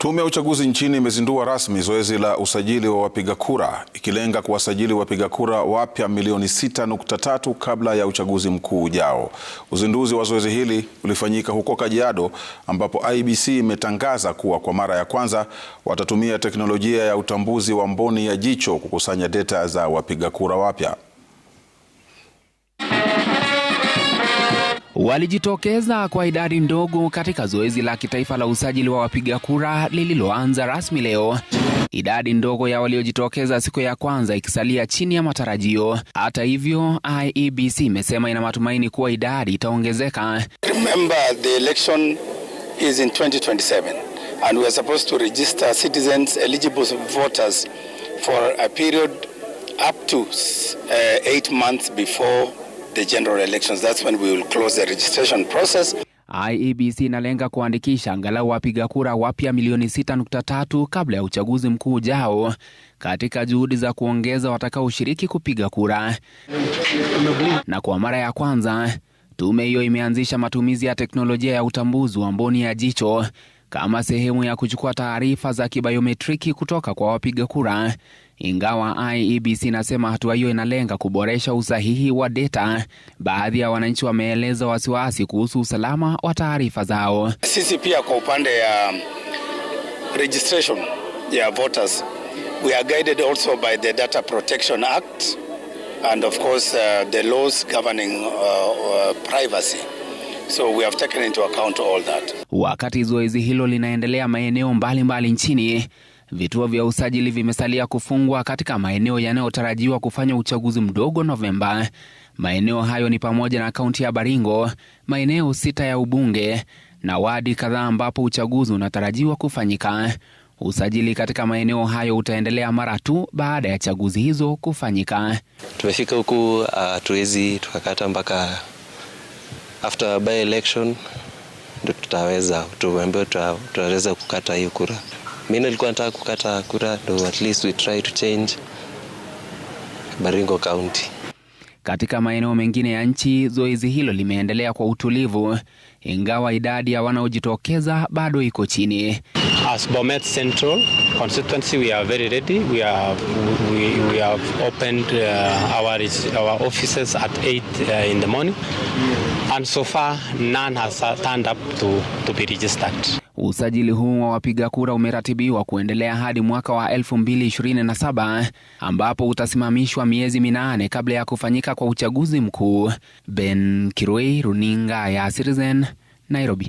Tume ya uchaguzi nchini imezindua rasmi zoezi la usajili wa wapiga kura ikilenga kuwasajili wapiga kura wapya milioni 6.3 kabla ya uchaguzi mkuu ujao. Uzinduzi wa zoezi hili ulifanyika huko Kajiado ambapo IEBC imetangaza kuwa kwa mara ya kwanza watatumia teknolojia ya utambuzi wa mboni ya jicho kukusanya data za wapiga kura wapya. walijitokeza kwa idadi ndogo katika zoezi la kitaifa la usajili wa wapiga kura lililoanza rasmi leo, idadi ndogo ya waliojitokeza siku ya kwanza ikisalia chini ya matarajio. Hata hivyo, IEBC imesema ina matumaini kuwa idadi itaongezeka. For a period up to uh, eight months before the general elections. That's when we will close the registration process. IEBC inalenga kuandikisha angalau wapiga kura wapya milioni 6.3 kabla ya uchaguzi mkuu ujao katika juhudi za kuongeza watakaoshiriki kupiga kura. Na kwa mara ya kwanza tume hiyo imeanzisha matumizi ya teknolojia ya utambuzi wa mboni ya jicho kama sehemu ya kuchukua taarifa za kibayometriki kutoka kwa wapiga kura, ingawa IEBC inasema hatua hiyo inalenga kuboresha usahihi wa data. Baadhi ya wananchi wameeleza wasiwasi kuhusu usalama wa taarifa zao. Sisi pia kwa upande ya registration ya voters we are guided also by the Data Protection Act and of course uh, the laws governing uh, uh, privacy So we have taken into account all that. Wakati zoezi hilo linaendelea maeneo mbalimbali nchini, vituo vya usajili vimesalia kufungwa katika maeneo yanayotarajiwa kufanya uchaguzi mdogo Novemba. Maeneo hayo ni pamoja na kaunti ya Baringo, maeneo sita ya ubunge na wadi kadhaa ambapo uchaguzi unatarajiwa kufanyika. Usajili katika maeneo hayo utaendelea mara tu baada ya chaguzi hizo kufanyika. Tumefika huku ah, hatuwezi uh, tukakata mpaka after by election ndo tutaweza tuambiwe tutaweza kukata hiyo kura. Mimi nilikuwa nataka kukata kura ndo at least we try to change Baringo County. Katika maeneo mengine ya nchi zoezi hilo limeendelea kwa utulivu, ingawa idadi ya wanaojitokeza bado iko chini. As Bomet Central constituency, we are very ready. We have we, we have opened uh, our our offices at 8 uh, in the morning. And so far none has turned up to, to be registered. Usajili huu wa wapiga kura umeratibiwa kuendelea hadi mwaka wa 2027 ambapo utasimamishwa miezi minane kabla ya kufanyika kwa uchaguzi mkuu. Ben Kirui, Runinga ya Citizen, Nairobi.